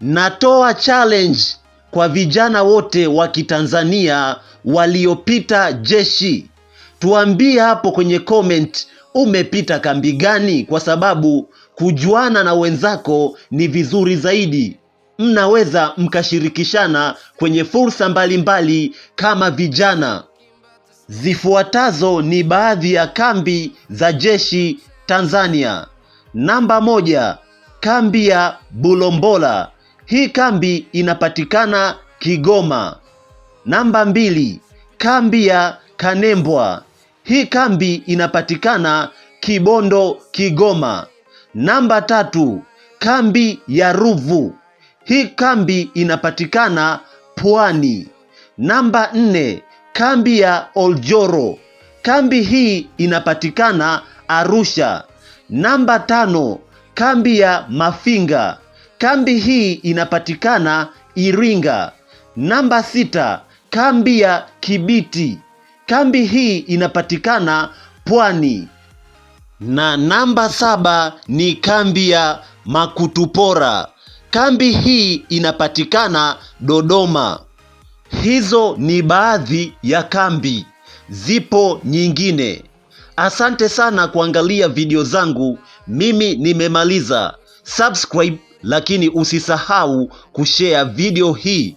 Natoa challenge kwa vijana wote wa Kitanzania waliopita jeshi. Tuambie hapo kwenye comment umepita kambi gani, kwa sababu kujuana na wenzako ni vizuri zaidi. Mnaweza mkashirikishana kwenye fursa mbalimbali mbali kama vijana. Zifuatazo ni baadhi ya kambi za jeshi Tanzania. Namba moja, kambi ya Bulombola hii kambi inapatikana Kigoma. Namba mbili, kambi ya Kanembwa. Hii kambi inapatikana Kibondo, Kigoma. Namba tatu, kambi ya Ruvu. Hii kambi inapatikana Pwani. Namba nne, kambi ya Oljoro. Kambi hii inapatikana Arusha. Namba tano, kambi ya Mafinga. Kambi hii inapatikana Iringa. Namba sita, kambi ya Kibiti. Kambi hii inapatikana Pwani. Na namba saba ni kambi ya Makutupora. Kambi hii inapatikana Dodoma. Hizo ni baadhi ya kambi, zipo nyingine. Asante sana kuangalia video zangu. Mimi nimemaliza. Subscribe lakini usisahau kushare video hii.